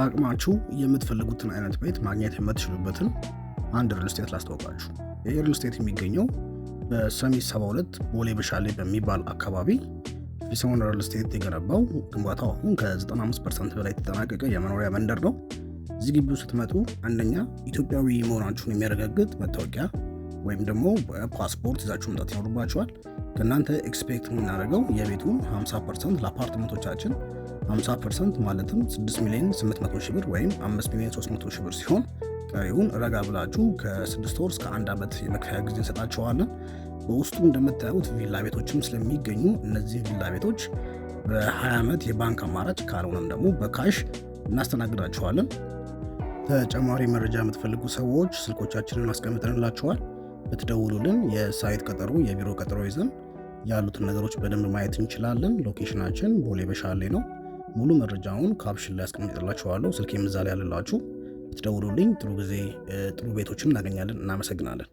በአቅማችሁ የምትፈልጉትን አይነት ቤት ማግኘት የምትችሉበትን አንድ ሪል ስቴት ላስታወቃችሁ። ይህ ሪል ስቴት የሚገኘው በሰሚት 72 ቦሌ በሻሌ በሚባል አካባቢ ፊሰውን ሪል ስቴት የገነባው ግንባታው አሁን ከ95 ፐርሰንት በላይ የተጠናቀቀ የመኖሪያ መንደር ነው። እዚህ ግቢው ስትመጡ አንደኛ ኢትዮጵያዊ መሆናችሁን የሚያረጋግጥ መታወቂያ ወይም ደግሞ በፓስፖርት ይዛችሁ መምጣት ይኖርባችኋል። ከእናንተ ኤክስፔክት የምናደርገው የቤቱን 50 ፐርሰንት ለአፓርትመንቶቻችን 50 ፐርሰንት ማለትም 6 ሚሊዮን 800 ሺህ ብር ወይም 5 ሚሊዮን 300 ሺህ ብር ሲሆን ቀሪውን ረጋ ብላችሁ ከስድስት ወር እስከ አንድ ዓመት የመክፈያ ጊዜ እንሰጣቸዋለን። በውስጡ እንደምታዩት ቪላ ቤቶችም ስለሚገኙ እነዚህ ቪላ ቤቶች በ20 ዓመት የባንክ አማራጭ ካልሆነም ደግሞ በካሽ እናስተናግዳቸዋለን። ተጨማሪ መረጃ የምትፈልጉ ሰዎች ስልኮቻችንን አስቀምጠንላችኋል። ብትደውሉልን የሳይት ቀጠሮ፣ የቢሮ ቀጠሮ ይዘን ያሉትን ነገሮች በደንብ ማየት እንችላለን። ሎኬሽናችን ቦሌ በሻሌ ነው። ሙሉ መረጃውን ካፕሽን ላይ አስቀምጥላችኋለሁ። ስልክ የምዛ ላይ ያለላችሁ ትደውሉልኝ። ጥሩ ጊዜ ጥሩ ቤቶችን እናገኛለን። እናመሰግናለን።